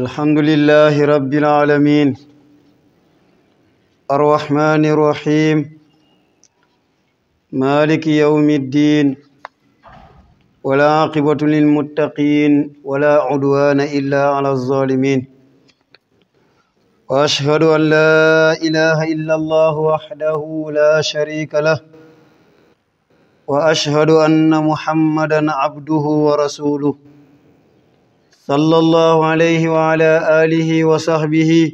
الحمد لله رب العالمين الرحمن الرحيم مالك يوم الدين ولا عاقبة للمتقين ولا عدوان إلا على الظالمين وأشهد أن لا إله إلا الله وحده لا شريك له وأشهد أن محمدا عبده ورسوله صلى الله عليه وعلى آله وصحبه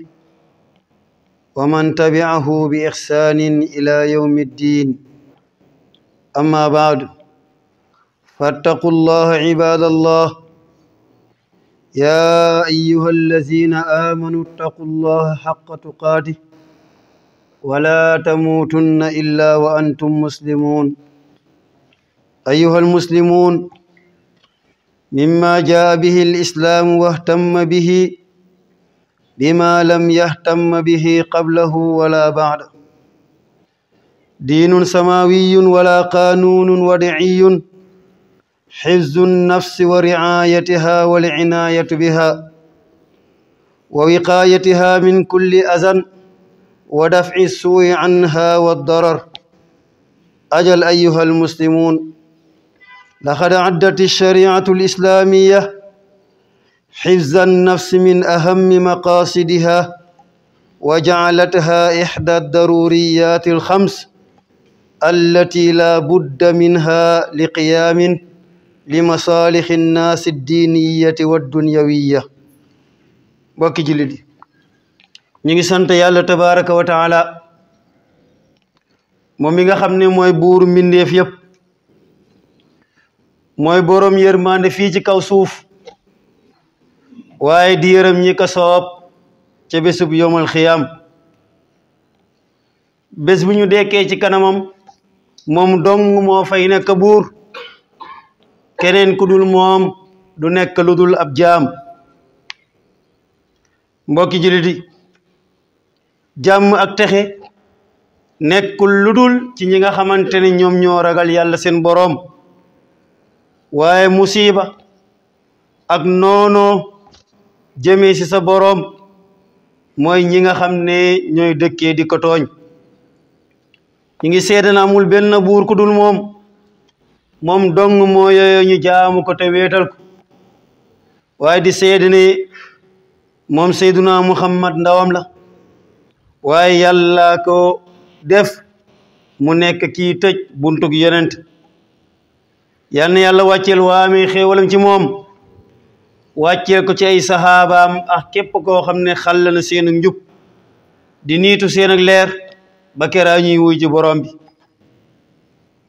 ومن تبعه بإحسان إلى يوم الدين أما بعد فاتقوا الله عباد الله يا أيها الذين آمنوا اتقوا الله حق تقاته ولا تموتن إلا وأنتم مسلمون أيها المسلمون مما جاء به الإسلام واهتم به بما لم يهتم به قبله ولا بعده دين سماوي ولا قانون ودعي حفظ النفس ورعايتها والعناية بها ووقايتها من كل أذى ودفع السوء عنها والضرر أجل أيها المسلمون لقد عدت الشريعة الإسلامية حفظ النفس من أهم مقاصدها وجعلتها إحدى الضروريات الخمس التي لا بد منها لقيام لمصالح الناس الدينية والدنيوية bokki jullit yi ñu ngi sant yàlla tabaraka wa taala moom mi nga xam ne mooy buur mbindeef yépp mooy boroom yërmande fii ci kaw suuf waaye di yërëm ñi ko soob ca bésub yomal xiyaam bés bu ñu dekkee ci kanamam moom dong moo fay nekk buur keneen ku dul moom du nekk lu dul ab jaam mbokki jullit yi jàmm ak texe nekkul lu dul ci ñi nga xamante ne ñoom ñoo ragal yàlla seen boroom waaye musiba ak noonoo jëmee ci sa boroom mooy ñi nga xam ne ñooy dëkkee di ko tooñ ñi ngi seede na amul benn buur ku moom moom dong moo yooyo ñu jaamu ko te waaye di seede ne moom seyduna muhammad ndawam la waaye yàlla ko def mu nekk kii tëj buntug yonent yal na yàlla wàcceel waamee xéewalam ci moom wàcceel ko ci ay saxaabaam ak képp koo xam ne xàll na seen ak njub di niitu seen leer ba keraa ñuy ji borom bi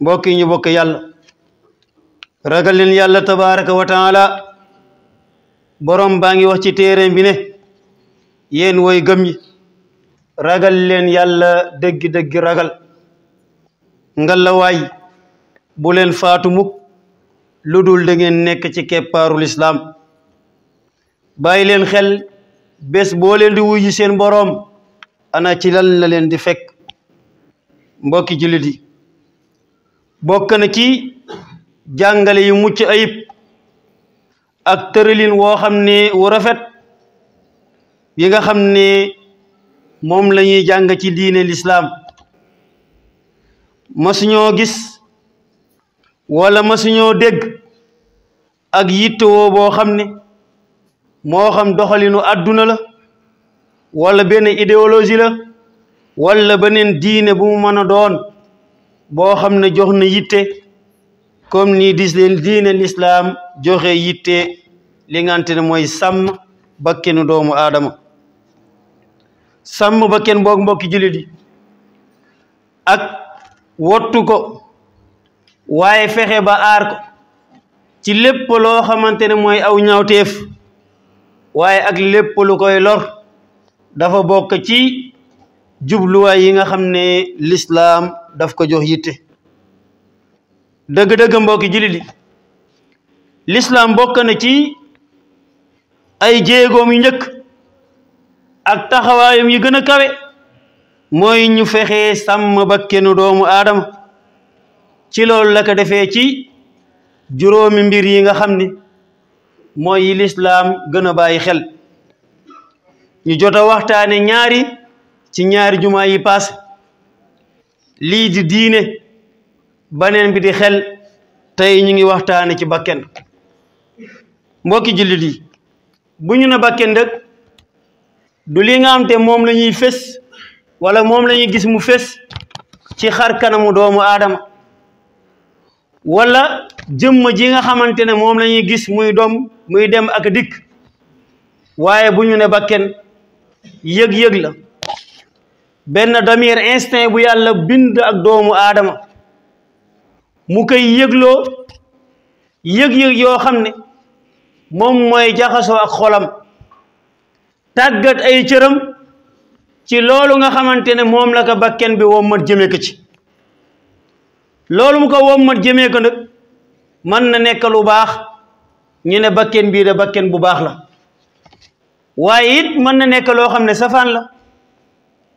mbokk yi ñu bokk yàlla ragal leen yàlla tabaraka wa taala borom baa ngi wax ci téeréem bi ne yéen woy gëm ñi ragal leen yàlla dëgg-dëgg ragal ngalla waay bu leen faatu mukk lu dul dangeen nekk ci keppaarul lislaam bàyyi leen xel bés boo leen di wuyu seen boroom ana ci lal la leen di fekk mbokki jullit yi bokk na ci jàngale yu mucc ayib ak tëralin woo xam ne wu rafet yi nga xam ne moom lañuy ñuy jàng ci diine lislaam masuñoo gis wala masuñoo dégg ak yittewoo boo xam ne moo xam doxalinu àdduna la wala benn idéologie la wala beneen diine bu mu mën a doon boo xam ne jox na yitte kom ni dis leen diine lislaam joxe yitte li ngante ne mooy sàmm bakkenu doomu aadama sàmm bakken boog mbokki jullit yi ak wottu waaye fexe ba aar ci lépp loo xamante ne mooy aw ñaawteef waaye ak lépp koy lor dafa bokk ci jubluwaay yi nga xam ne lislaam daf ko jox yitte dëgg-dëgg mbokki jullit yi lislaam bokk na ci ay jéegoom yu njëkk ak taxawaayam yi gën a kawe mooy ñu fexe sàmm bakkenu doomu aadama ci loolu la ko defee ci juróomi mbir yi nga xam ni mooy yi lislaam gën a bàyyi xel ñu jot a waxtaane ñaari ci ñaari jumaa yi paase lii di diine baneen bi di xel tey ñu ngi waxtaane ci bakken mbokki jullit yi bu ñu ne bakken dëkk du li nga xam te moom lañuy ñuy walla moom lañuy gis mu fés ci xar kanamu doomu aadama wala jëmm ji nga xamante ne moom la gis muy doom muy dem ak dikk waaye bu ñu ne bakken yëg-yëg la benn damir instinct bu yàlla bind ak doomu aadama mu koy yëgloo yëg-yëg yoo xam ne moom mooy jaxasoo ak xolam tàggat ay cëram ci loolu nga xamante ne moom la ko bakken bi ma jëme ko ci loolu mu ko wommat jëmee ko nag mën na nekk lu baax ñu ne bakken bii de bakken bu baax la waaye it mën na nekk loo xam ne safaan la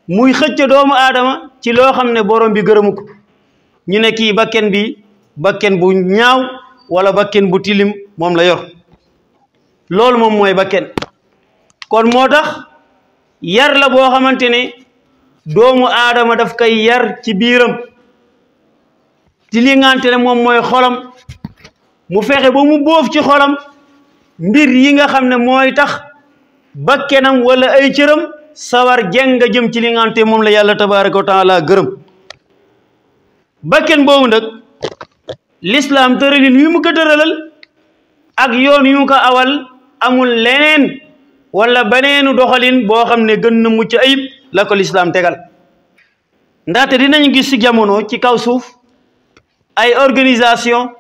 muy xëcc doomu aadama ci loo xam ne borom bi gërëmu ko ñu ne kii bakken bi bakken bu ñaaw wala bakken bu tilim moom la yor loolu moom mooy bakken kon moo tax yar la boo xamante ne doomu aadama daf koy yar ci biiram ci li nga moom mooy xolam mu fexe ba mu boof ci xolam mbir yi nga xam ne mooy tax ba bakkenam walla ay cëram sawar jeng nga jëm ci li nga moom la yàlla ko wa laa gërëm ba bakken boobu nag lislaam tëralin wi mu ko tëralal ak yoon yu mu ko awal amul leneen wala beneenu doxalin boo xam ne gën na mucc ayib la ko lislaam tegal ndaxte dinañ gis ci jamono ci kaw suuf ay organisation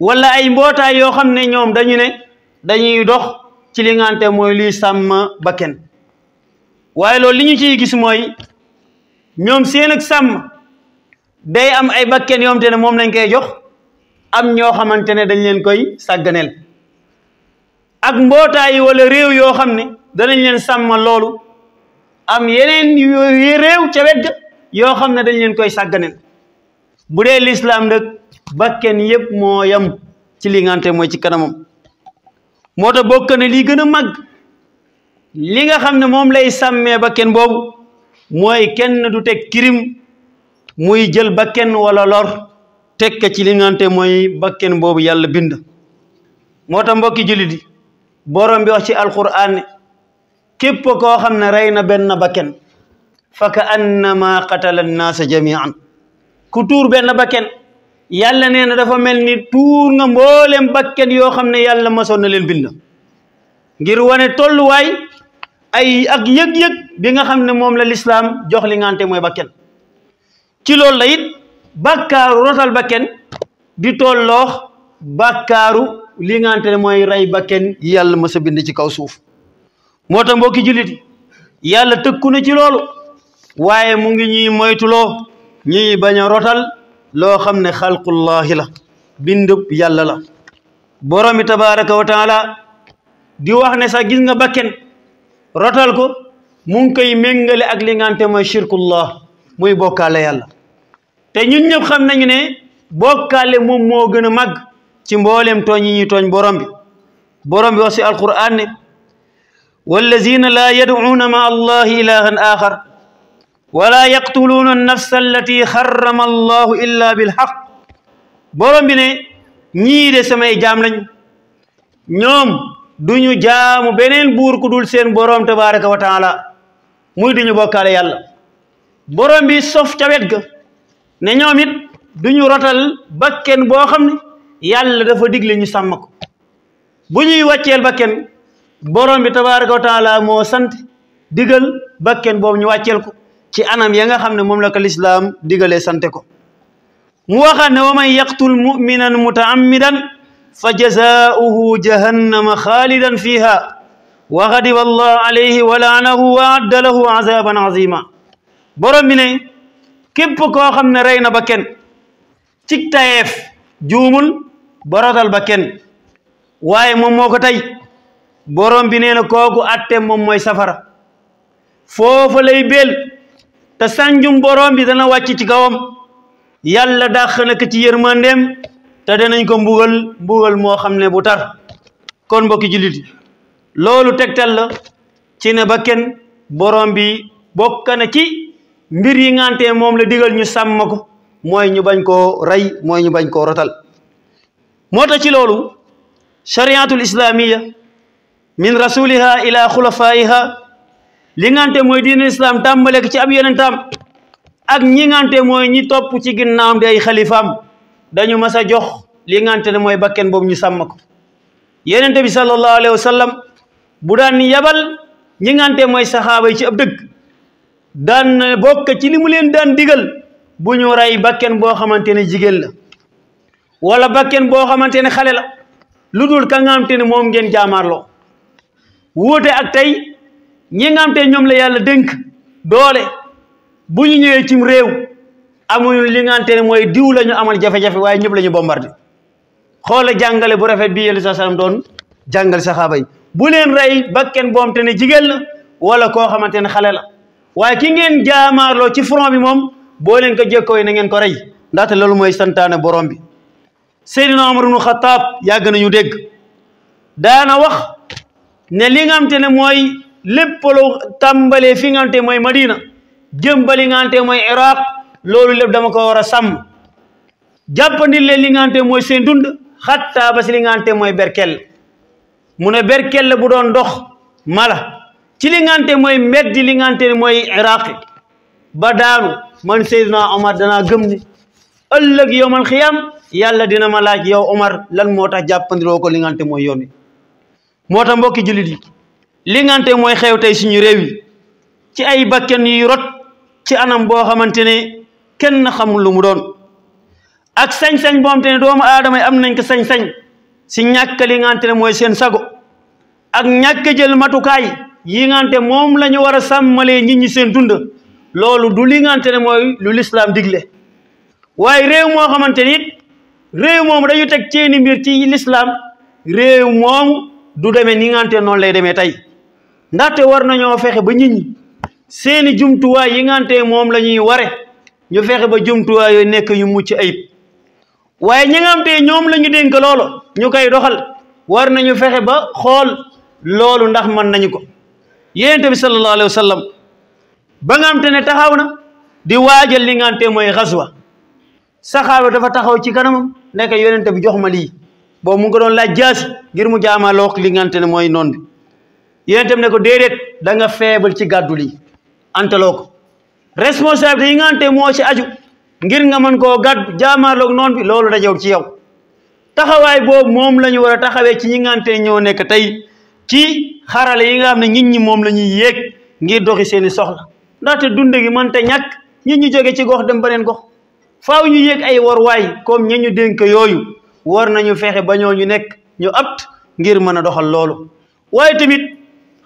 wala ay mbootaay yoo xam ne ñoom dañu ne dañuy dox ci li mooy luy sàmm bakken waaye loolu li ñu ciy gis mooy ñoom seen ak sàmm day am ay bakken yoom te ne moom lañ koy jox am ñoo xamante ne dañ leen koy sàgganeel ak mbootaay walla réew yoo xam ne danañ leen sàmm loolu am yeneen réew ca wet yoo xam ne dañ leen koy sàgganeel bu dee lislaam nag bakken yëpp moo ci li mooy ci kanamam moo tax bokk na lii gën a mag li nga xam ne moom lay sàmmee bakken boobu mooy kenn du teg kirim muy jël bakken walla lor teg ci li ngante mooy bakken boobu yàlla bind moo tax mbokki jullit yi borom ci alquran ne képp koo xam ne rey na benn bakken fa ka annama qatala annaasa jamian ku tuur benn bakken yàlla nee na dafa mel ni tuur nga mboolem bakken yoo xam ne yàlla masoon na leen bind ngir wane tolluwaay ay ak yëg-yëg bi nga xam ne moom la lislaam jox li ngante mooy bakken ci loolu la it bàkkaaru bakken di tolloox bàkkaaru li ngante mooy rey bakken yàlla mas a bind ci kaw suuf moo tax mbokki jullit yàlla tëkku na ci loolu waaye mu ngi ñuy moytuloo ñuy bañ a rotal loo xam ne xalqullahi la bindub yàlla la borom bi tabaraka di wax ne sax gis nga bakken rotal ko mu ngi koy méngale ak li ngante mooy shirkullah muy bokkaale yàlla te ñun ñëpp xam nañu ne bokkaale moom moo gën a màgg ci mboolem tooñ yi ñuy tooñ borom bi borom bi wax si alquran ne wallazina laa ma allahi ilahan axar wala yaqtuluuna nafsa allati xarama allahu illa bilxaq borom bi ne ñii de samay jaam lañ ñoom du ñu jaamu beneen buur ku dul seen borom tabaraka wa taala muy duñu bokkaale yàlla borom bi sof ca wet ga ne ñoom it duñu rotal bakken boo xam ne yàlla dafa digle ñu sàmm ko bu ñuy wàcceel bakken borom bi tabaraka wa taala moo sant digal bakken boobu ñu wàcceel ko ci anam ya nga xam ne moom la ko lislaam digalee sante ko mu waxa ne wa man yaqtul muminan mutaammidan fa jazaauhu jahannama xaalidan fiha wa xadiba allah wa laanahu wa adda lahu azaban azima borom bi ne képp koo xam ne rey na ba kenn cig tayeef juumul borotal ba kenn waaye moom moo ko tey borom bi nee na kooku atte moom mooy safara foofa lay beel te sànjum boroom bi dana wàcc ci kawam yàlla dàq na ko ci yërmandeem te danañ ko mbugal mbugal moo xam ne bu tar kon mbokki jullit loolu tegtal la ci ne kenn boroom bi bokk na ci mbir yi ngante moom la digal ñu sàmm mooy ñu bañ koo rey mooy ñu bañ koo rotal moo tax loolu chariatul islamiya min rasuliha ila xulafaiha li ngante mooy diine islam tàmbale ci ab yeneen yonentam ak ñi ngante mooy ñi topp ci ginnaawam di ay xalifaam dañu mas a jox li ngante ne mooy bakken boobu ñu sàmm ko yonente bi sallallahu alayhi wa bu daan yabal ñi mooy saxaaba yi ci ab dëkk dan bokk ci li mu leen daan digal bu ñu rey bakken boo xamante ne jigéen la wala bakken boo xamante ne xale la lu dul ka ne moom ngeen jaamaarloo ak tey ñi nga xam te ñoom la yàlla dénk doole bu ñu ñëwee cim réew amuñu li nga xam mooy diw la ñu amal jafe-jafe waaye ñëpp la ñu bombardé xoola jàngale bu rafet bi yéen sallam doon jàngal saxaaba yi bu leen rey bakken boom te ne jigéen la wala koo xamante ne xale la waaye ki ngeen jaamaarloo ci front bi moom boo leen ko jékkooy na ngeen ko rey ndaxte loolu mooy santaane borom bi Seydina Omar ibnu Xataab yàgg nañu dégg daana wax ne li nga xam te lépp loo tàmbalee fi nga mooy Madina jëm li nga mooy Iraq loolu lépp dama ko war a sàmm jàppandil leen li nga mooy seen dund xattaa ba si li nga mooy berkel mu ne berkel bu doon ndox mala ci li nga mooy mbeddi li nga mooy Iraq ba daanu man Seydina Omar danaa gëm ni ëllëg yowmal xiyam yàlla dina ma laaj yow Omar lan moo tax jàppandiloo ko li nga mooy yoon wi moo mbokki jullit yi li ngante mooy xew tey suñu réew yi ci ay bakken yuy rot ci anam boo xamante ne kenn xamul lu mu doon ak sañ-sañ boo ne doomu aadama yi am nañ ko sañ si ñàkk li ngante mooy seen sago ak ñàkk jël matukaay yi ngante moom lañu ñu war a sàmmalee nit ñi seen dund loolu du li ngante ne mooy lu lislaam digle waaye réew moo xamante nit réew moom dañu teg ceeni mbir ci lislaam réew moom du demee ni ngante noonu lay demee tey ndaxte war nañoo fexe ba nit seeni jumtuwaay yi ngante moom la ñuy ware ñu fexe ba jumtuwaay yooyu nekk yu mucc ayib waaye ñi nga ñoom lañu ñu dénk loolu ñu koy doxal war nañu fexe ba xool loolu ndax mën nañu ko yonent bi sallallahu alayhi wa sallam ne taxaw na di waajal li ngante mooy xaswa saxaaba dafa taxaw ci kanam nekk yonent bi jox ma lii boo mun nga doon laaj jaasi ngir mu jaamalook li ngante ne mooy noon bi yéen tam ne ko déedéet da nga faible ci gàddu lii antaloo ko responsabilité yi ngante moo ci aju ngir nga mën koo gàddu jaamaarloog noonu bi loolu dajewul ci yow taxawaay boobu moom lañu ñu war a taxawee ci ñi ngante ante ñoo nekk tey ci xarale yi nga xam ne nit ñi moom lañuy ñuy yéeg ngir doxi seeni soxla ndaxte dund gi mante te ñàkk nit ñi jóge ci gox dem beneen gox faaw ñu yéeg ay warwaay comme ña ñu dénk yooyu war nañu fexe ba ñoo ñu nekk ñu apt ngir mën a doxal loolu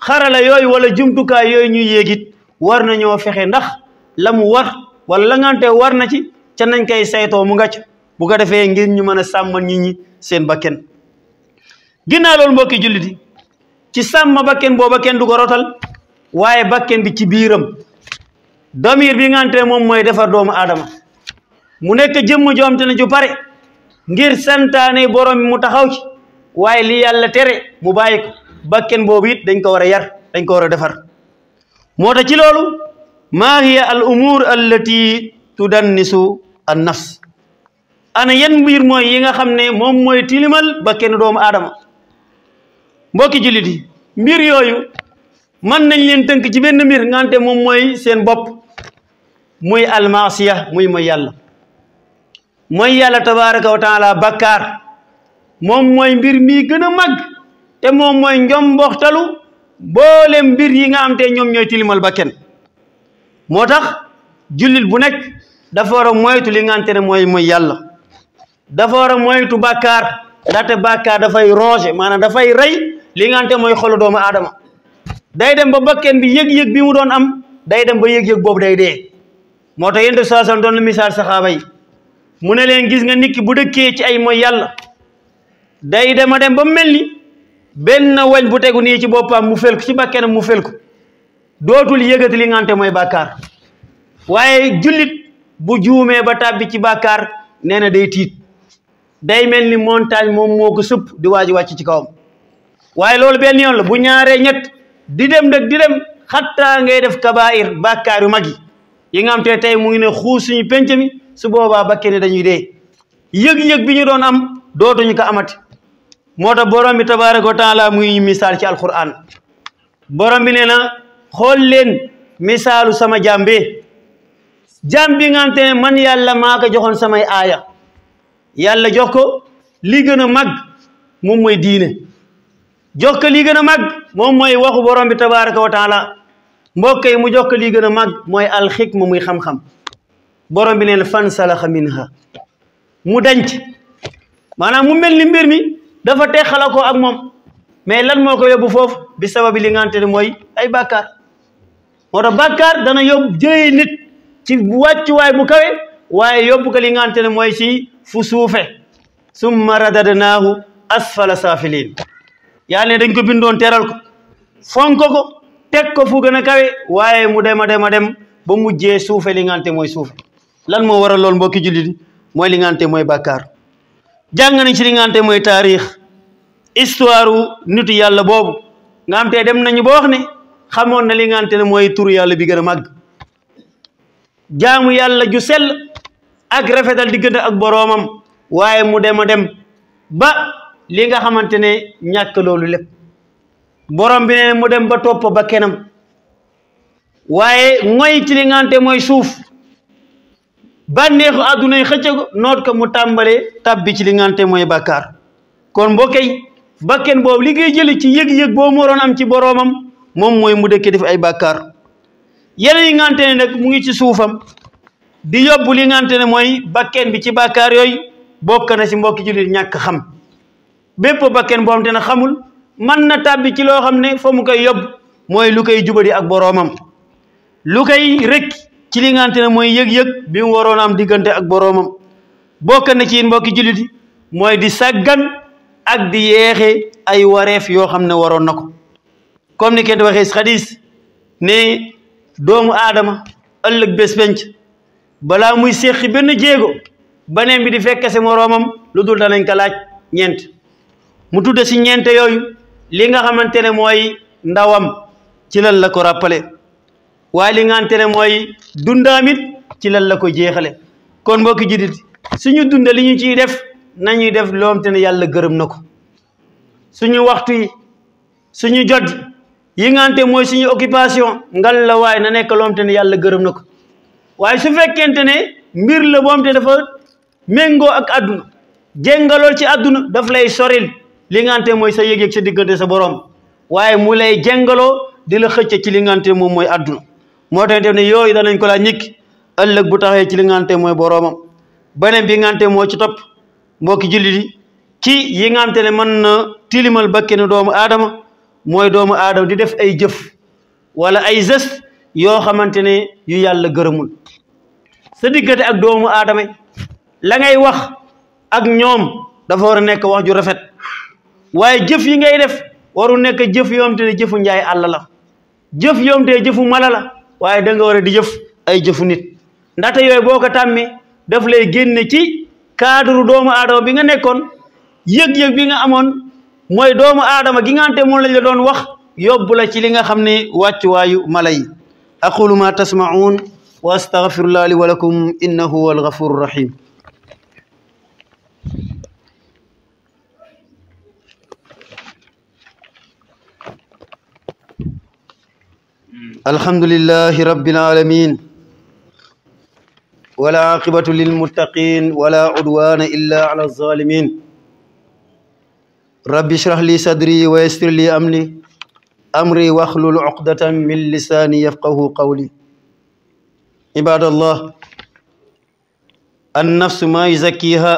xarala yooyu wala jumtukaay yooyu ñuy yéegit war nañoo fexe ndax la mu war wala la ngante war na ci ca nañ koy saytoo mu nga ca bu ko defee ngir ñu mën a sàmmal nit ñi seen bakken ginnaaw loolu mbokki jullit yi ci sàmm bakken booba kenn du ko rotal waaye bakken bi ci biiram damir bi ngante moom mooy defar doomu aadama mu nekk jëmm joomte ne ju pare ngir santaane borom bi mu taxaw ci waaye li yàlla tere mu bàyyi bakken boobu it dañ ko war a yar dañ ko war a defar moo tax ci loolu maa yi al umur allati tudannisu an nafs ana yenn mbir mooy yi nga xam ne moom mooy tilimal bakkenu doomu aadama mbokki jullit yi mbir yooyu mën nañ leen tënk ci benn mbir ngante moom mooy seen bopp muy almasiya muy mooy yàlla mooy yàlla tabaraka wa taala bakkaar moom mooy mbir mii gën a te moom mooy njomboxtalu boole mbir yi nga am te ñoom ñooy tilimal ba moo tax jullit bu nekk dafa war a moytu li nga ne mooy mooy yàlla dafa war a moytu bàkkaar ndaxte bàkkaar dafay ronger maanaam dafay rey li nga mooy xolu doomu aadama day dem ba bakken bi yëg-yëg bi mu doon am day dem ba yëg-yëg boobu day dee moo tax yéen de soxna doon na misaal saxaaba yi mu ne leen gis nga nit ki bu dëkkee ci ay mooy yàlla day dema dem ba mel ni benn wañ bu tegu nii ci boppam mu fel ko ci bakkenam mu fel ko dootul yëgati li ngante mooy bàkkaar waaye jullit bu juumee ba tàbbi ci bàkkaar nee na day tiit day mel ni montagne moom moo ko sëpp di waaj wàcc ci kawam waaye loolu benn yoon la bu ñaaree ñett di dem nag di dem xattaa ngay def kabaayir bàkkaar yu mag yi yi xam te tey mu ngi ne xuus suñu penc mi su boobaa bakke ne dañuy dee yëg-yëg bi ñu doon am dootuñu ko amati moo tax borom bi tabaaraka wa taala mu ngi ñu misaal ci alquran borom bi nee na xool leen misaalu sama jaam bi jaam bi man yàlla maa ko joxoon samay aaya yàlla jox ko li gën a mag moom mooy diine jox ko lii gën a mag moom mooy waxu borom bi tabaaraka wa taala mbokk mu jox ko lii gën a mag mooy alxikma muy xam-xam borom bi neen fan salaxa minha mu danc maanaam mu mel ni mbir mi dafa teexala ko ak moom mais lan moo ko yóbbu foofu bi sababi li ngante mooy ay bàkkaar moo tax bàkkaar dana yóbbu jëye nit ci wàccuwaay bu kawe waaye yóbbu ko li ngante ne mooy ci fu suufe summa radadnaahu asfala saafiliin yàlla ne dañ ko bindoon teral ko fonk ko teg ko fu gën a kawe waaye mu dem a dem a dem ba mujjee suufe li ngante mooy suufe lan moo war a lool mbokki jullit mooy li ngante mooy bakkaar jàng ci li nga xam mooy taarix histoire nitu yàlla boobu nga xam te dem nañu ba wax ne xamoon na li nga xam te ne mooy turu yàlla bi gën a màgg jaamu yàlla ju sel ak rafetal diggante ak boroomam waaye mu dem a dem ba li nga xamante ne ñàkk loolu lépp borom bi ne mu dem ba topp ba kenam waaye mooy ci li nga xam mooy suuf bànneexu àdduna yi xëcc ko noot ko mu tàmbalee tàbbi ci li nga mooy bàkkaar kon mbokk yi bakken boobu li ngay jëlee ci yëg-yëg boo moroon am ci boroomam moom mooy mu dëkkee def ay bàkkaar yeneen yi nga ne nag mu ngi ci suufam di yóbbu li ne mooy bakken bi ci bàkkaar yooyu bokk na ci mbokki jullit ñàkk xam bépp bakken boo xamante ne xamul man na tàbbi ci loo xam ne fa mu koy yóbbu mooy lu koy jubadi ak boroomam lu koy rëkk ci li nga xamante ne mooy yëg-yëg bi mu waroon am diggante ak boroomam bokk na ci mbokki jullit di mooy di saggan ak di yeexe ay wareef yoo xam ne waroon na ko comme ni kenn waxee si xadis ne doomu aadama ëllëg bés balaa muy séqi benn jéego baneen bi di fekk moroomam lu dul danañ ko laaj ñeent mu tudde si ñeente yooyu li nga xamante ne mooy ndawam ci lan la ko rappelé waaye li ngante ne mooy dundaamit ci lan la ko jeexale kon mbokki jidit suñu dunda li ñu ciy def nañuy def loom te yàlla gërëm na ko suñu waxtu yi suñu jot yi ngante mooy suñu occupation ngal waaye na nekk loom ne yàlla gërëm na ko waaye su fekkente ne mbir la boom dafa méngoo ak àdduna jéngalool ci àdduna daf lay soril li ngante mooy sa yëg-yëg sa diggante sa borom waaye mu lay jéngaloo di la xëcc ci li ngante moom mooy àdduna moo tax itam ne yooyu danañ ko laa ñikk ëllëg bu taxee ci li ngante mooy boroomam beneen bi ngante moo ci topp mbokki jullit yi ci yi ngante ne man na tilimal bakkenu doomu aadama mooy doomu aadama di def ay jëf wala ay geste yoo xamante ne yu yàlla gërëmul sa diggante ak doomu aadama la ngay wax ak ñoom dafa war a nekk wax ju rafet waaye jëf yi ngay def waru nekk jëf yoom te ne jëfu njaay àll la jëf yoom te jëfu mala la waaye da nga war di jëf ay jëfu nit ndaxte yooyu boo ko tàmmee daf lay génne ci cadre doomu aadama bi nga nekkoon yëg-yëg bi nga amoon mooy doomu aadama gi nga xamante moom lañ la doon wax yóbbu la ci li nga xam ne wàccuwaayu mala yi aqulu ma tasmaun wa astaghfirullah li wa lakum innahu huwa alghafur rahim الحمد لله رب العالمين ولا عاقبة للمتقين ولا عدوان إلا على الظالمين رب اشرح لي صدري ويسر لي أمري أمري واحلل عقدة من لساني يفقه قولي عباد الله النفس ما يزكيها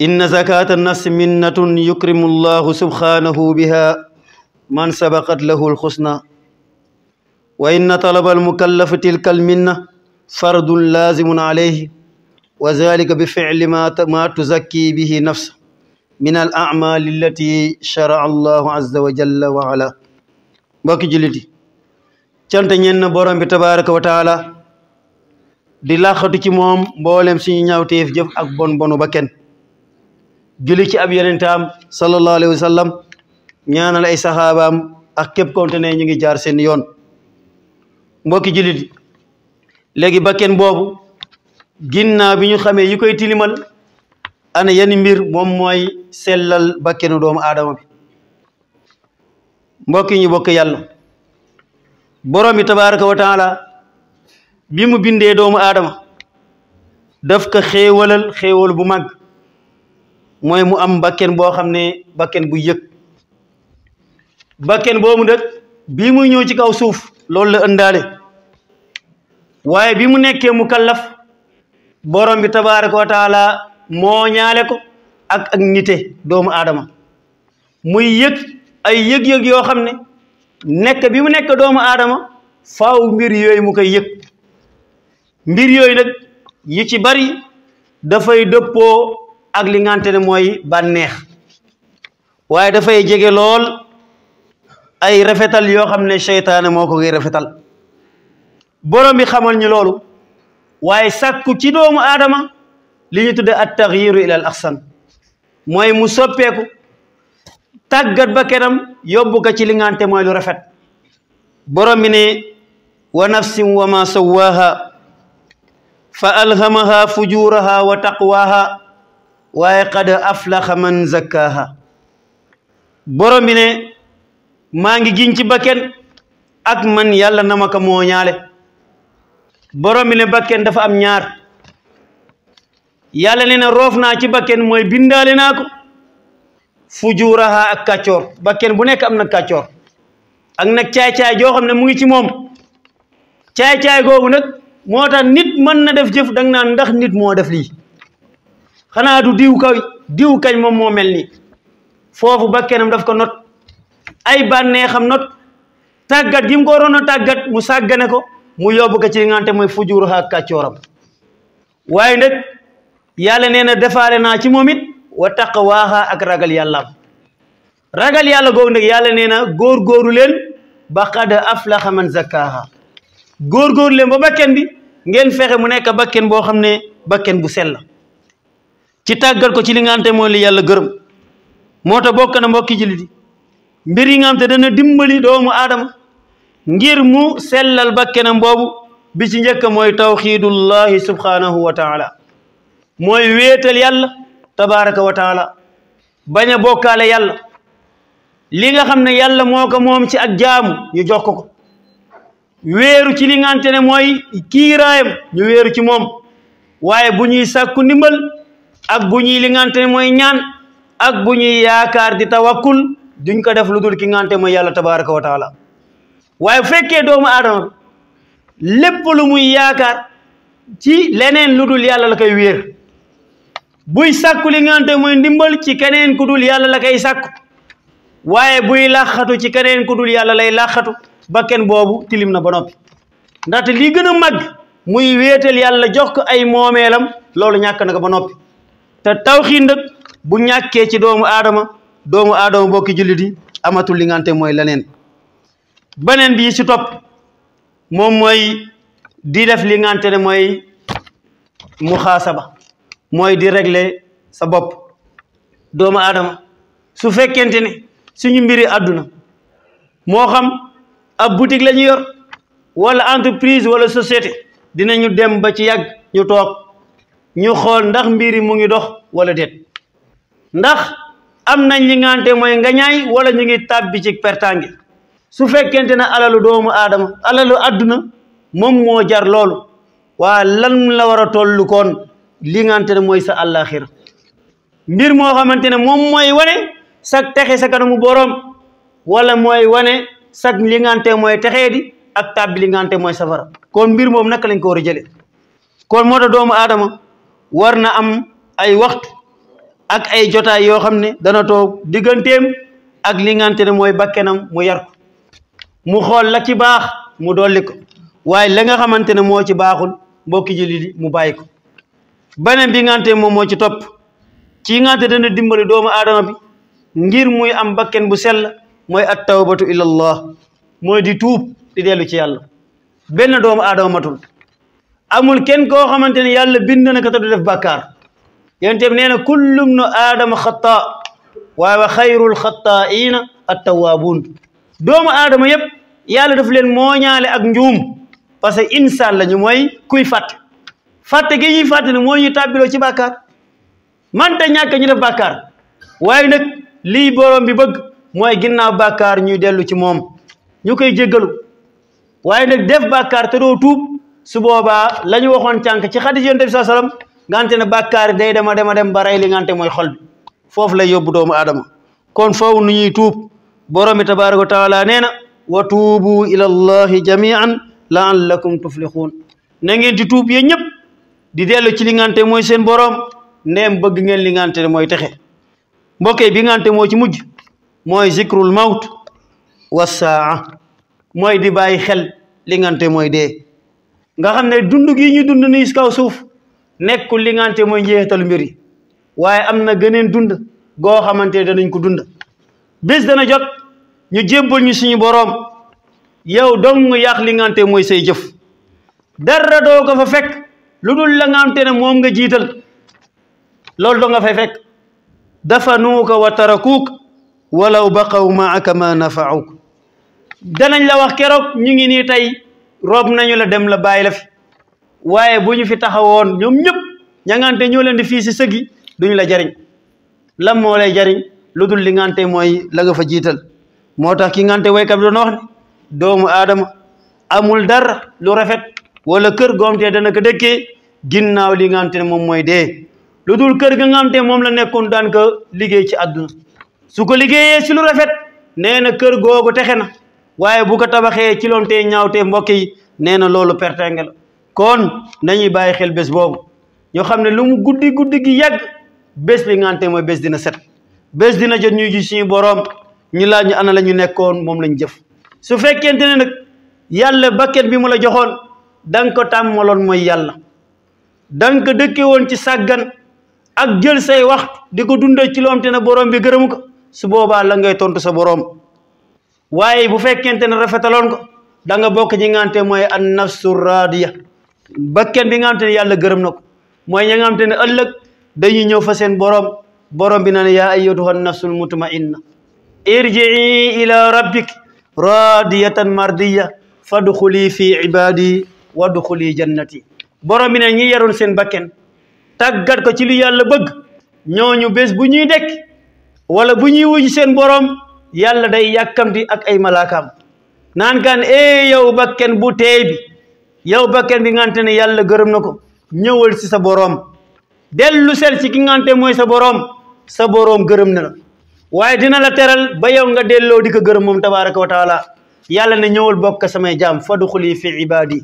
إن زكاة النفس منة يكرم الله سبحانه بها man sabaqat lahu lxusna wa inna talaba almukallafi tilka alminna fardun lazimun alayhi wa zalika bi fili ma tuzakki bihi nafsa min al amali sharaa allahu azza wa jalla wa ala mbokki julliti cant ñenn borom tabaraka wa taala di làqatu ci moom mboolem suñu ñaawteef jëf ak bon ba kenn julli ab yonentaam sallallahu alayhi wa sallam ñaanal lay saxaabaam ak képp konte ne ñu ngi jaar seen yoon mbokki jullit léegi bakken boobu ginnaaw bi ñu xamee yi koy tilimal ana yan mbir moom mooy sellal bakkenu doomu aadama bi mbokki ñu bokk yàlla borom bi tabaraka bi mu bindee doomu aadama daf ko xéewalal xéewal bu mag mooy mu am bakken boo xam ne bakken bu yëg ba kenn bakken mu nag bii muy ñëw ci kaw suuf loolu la ëndaale waaye bi mu nekkee mu kallaf borom bi tabaraka wa taala moo ñaale ko ak ak nite doomu aadama muy yëg ay yëg-yëg yoo xam ne nekk bi mu nekk doomu aadama faw mbir yooyu mu koy yëg mbir yooyu nag yi ci bari dafay dëppoo ak li ngante ne mooy bànneex waaye dafay jege lool ay rafetal yoo xam ne seytaane moo ko ngi rafetal borom bi xamal ñu loolu waaye sàkku ci doomu adama li ñu tudde at taxyiru ila al axsan mooy mu soppeeku tàggat ba kenam yóbbu ko ci li ngante mooy lu rafet borom bi ne wa nafsin wa ma sawaaha fa alhamaha fujuraha wa taqwaha waaye qad aflaxa man zakkaaha borom bi ne maa ngi giñ ci bakken ak man yàlla na ma ko mooñaale borom bi ne bakken dafa am ñaar yàlla ne na roof naa ci bakken mooy bindaale naa ko fujuraha ak kàccoor bakken bu nekk am na kàccoor ak nag caay-caay joo xam ne mu ngi ci moom caay-caay googu nag moo tax nit mën na def jëf dang naa ndax nit moo def lii xanaa du diw kañ moom moo mel ni foofu bakkenam daf ko not ay bànneexam not tàggat gi mu ko a tàggat mu sàggane ko mu yóbbu ko ci li nga xamante mooy fujuru ak kàccooram waaye nag yàlla nee na defaale naa ci moom it wa taqwaaha ak ragal yàllaam ragal yàlla googu nag yàlla nee na góorgóoru leen ba qad la man zakkaaha góorgóoru leen ba bakken bi ngeen fexe mu nekk bakken boo xam ne bakken bu sell ci tàggat ko ci li nga mooy li yàlla gërëm moo tax bokk na mbokki jullit yi mbir yi nga xam te dana dimbali doomu aadama ngir mu sellal bakkenam boobu bi ci njëkk mooy tawxiidullahi subhaanahu wa taala mooy wéetal yàlla tabaraka wa taala bañ a bokkaale yàlla li nga xam ne yàlla moo ko moom ci ak jaamu ñu jox ko ko wéeru ci li nga te ne mooy kiiraayam ñu wéeru ci moom waaye bu ñuy sakku ndimbal ak bu ñuy li nga te ne mooy ñaan ak bu ñuy yaakaar di tawakkul duñ ko def lu dul ki ngante mooy yàlla tabaraka wa taala waaye fekkee doomu adama lépp lu muy yaakaar ci leneen lu dul yàlla la koy wéer buy sàkku li ngante mooy ndimbal ci keneen ku dul yàlla la koy sàkku waaye buy làqatu ci keneen ku yàlla lay làqatu bakken boobu tilim na ba noppi ndaxte lii gën a màgg muy wéetal yàlla jox ko ay moomeelam loolu ñàkk na ko ba noppi te tawxiid nag bu ñàkkee ci doomu aadama doomu aadama ki jullit yi amatul li ngante mooy leneen beneen bi si topp moom mooy di def li ngante ne mooy muxaasaba mooy di régler sa bopp doomu aadama su fekkente ne suñu mbiri àdduna moo xam ab boutique lañu yor wala entreprise wala société dinañu dem ba ci yàgg ñu toog ñu xool ndax mbiri mu ngi dox wala déet ndax am nañ li ngante mooy nga ñaay wala ñu ngi tàbbi ci pertange su fekkente ne alalu doomu aadama alalu àdduna moom moo jar loolu waa lan la war a tollu koon li ne mooy sa àllaaxira mbir moo xamante ne moom mooy wane sag texe sa kanamu borom walla mooy wane sag li mooy texee di ak tàbbi li ngante mooy safara kon mbir moom naka lañ ko war a jële kon moo tax doomu aadama war na am ay waxtu ak ay jotaay yoo xam ne dana toog digganteem ak li nga ne mooy bakkenam mu yar mu xool la ci baax mu dolli ko waaye la nga xamante ne moo ci baaxul boo mbokki jullit mu bàyyi ko beneen bi nga xamante moom moo ci topp ci nga xamante dana dimbali doomu aadama bi ngir muy am bakken bu sell mooy at tawbatu ilallah mooy di tuub di dellu ci yàlla benn doomu aadama matul amul kenn koo xamante ne yàlla bind na ka te du def bàkkaar yonent bi nee na kullu bnu aadama xataa waaye wa xayrul xataa'iina attawaabuun doomu aadama yëpp yàlla daf leen mooñaale ak njuum parce que insaan lañu mooy kuy fàtte fàtte gi ñuy fàtte ne moo ñuy tàbbiloo ci bàkkaar manta ñàkk ñu def bàkkaar waaye nag lii boroom bi bëgg mooy ginnaaw bàkkaar ñuy dellu ci moom ñu koy jéggalu waaye nag def bàkkaar te doo tuub su boobaa la ñu waxoon cànk ci xadis yonent bi sallallahu ngante ne bàkkaar day dema dema dem ba li ngante mooy xol foofu lay yóbbu doomu aadama kon foofu nu ñuy tuub borom bi tabaraka wa taala nee na wa tuubu ila allahi jamian laallakum tuflixuun na ngeen di tuub yéen ñëpp di dellu ci li ngante mooy seen borom ndeem bëgg ngeen li ngante mooy texe mbokkee bi ngante moo ci mujj mooy zikrul mawt wasaa mooy di bàyyi xel li ngante mooy dee nga xam ne dund gi ñu dund nii si kaw suuf nekkul li nga mooy njeexitalu mbir waaye am na gëneen dund goo xamante ne danañ ko dund bés dana jot ñu jébbal ñu suñu boroom yow dong yàq li nga mooy say jëf dara doo ko fa fekk lu dul la nga xamante ne moom nga jiital loolu doo nga fay fekk dafanuuka wa tarakuuk walaw ba maaka ma nafauk danañ la wax keroog ñu ngi nii tey rob nañu la dem la bàyyi la fi waaye bu ñu fi taxawoon ñoom ñëpp ñangante ñëw leen di fii si sëgi duñu la jariñ lan moo lay jariñ lu dul li ngante mooy la nga fa jiital moo tax ki ngante waykat bi doon ne doomu aadama amul dara lu rafet wala kër goomtee dana ko dëkkee ginnaaw li ngante ne moom mooy dee lu dul kër ga ngante moom la nekkoon daan ko liggéey ci àdduna su ko liggéeyee si lu rafet nee na kër googu texe na waaye bu ko tabaxee ci loon tee ñaawtee mbokk yi nee na loolu pertenge la kon nañuy bàyyi xel bés boobu ñoo xam ne lu mu guddi guddi gi yàgg bés bi ngante mooy bés dina set bés dina jot ñuy ji suñu boroom ñu laaj ñu ana la ñu nekkoon moom lañ jëf su fekkente ne nag yàlla bakket bi mu la joxoon da ko tàmmaloon mooy yàlla da nga ko dëkke woon ci sàggan ak jël say wax di ko dundee ci loo ne boroom bi gërëmu ko su boobaa la ngay tontu sa boroom waaye bu fekkente ne rafetaloon ko danga bokk ñi ngante mooy an nafsu raadiya bakken bi nga xam te ne yàlla gërëm na ko mooy ña nga ne ëllëg dañuy ñëw fa seen borom borom bi na ne yaa ayyatuha nafsul mutmainna irjii ila rabbik radiyatan mardiya fadxuli fi ibadi wadxuli jannati borom bi ne ñi yaroon seen bakken tàggat ko ci lu yàlla bëgg ñooñu bés bu ñuy dekk wala bu ñuy wuj seen borom yàlla day yàkkamti ak ay malaakaam naan kaan e bakken bu teey yow bakken bi ngante ne yàlla gërëm na ko ñëwal si sa boroom dellu sel ci ki ngante mooy sa borom sa boroom gërëm na la waaye dina la teral ba yow nga delloo di ko gërëm moom tabaraka wa taala yàlla na ñëwal bokk samay jaam faduxuli fi ibaadi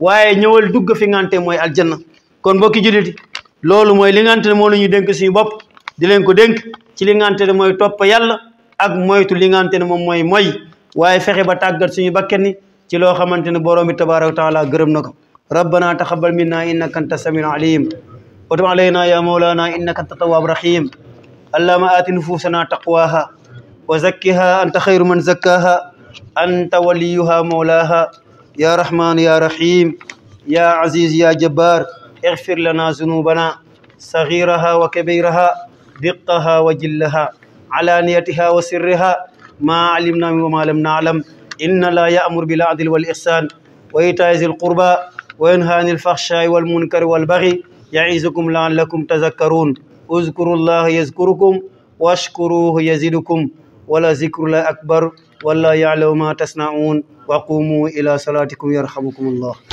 waaye ñëwal dugg fi ngante mooy aljanna kon bokki jullit loolu mooy li ngante ne moom la ñuy dénk suñu bopp di leen ko dénk ci li ngante ne mooy topp yàlla ak moytu li ngante ne moom mooy mooy waaye fexe ba tàggat suñu bakken ni ci loo xamante ne borom bi tabaaraka wa taala gërëm na ko rabbana taxabal minna innaka anta samiul alim wa tub alayna ya mawlana innaka anta tawwab rahim allahuma aati nufusana taqwaha wa zakkiha anta xayru man zakkaha anta waliyuha mawlaha ya rahman ya rahim ya aziz ya jabbar اغفر لنا ذنوبنا صغيرها وكبيرها دقها وجلها علانيتها وسرها ما علمنا وما لم نعلم إن الله يأمر بالعدل والإحسان وإيتاء ذي القربى وينهى عن الفحشاء والمنكر والبغي يعظكم لعلكم تذكرون اذكروا الله يذكركم واشكروه يزدكم ولذكر الله أكبر والله يعلم ما تصنعون وقوموا إلى صلاتكم يرحمكم الله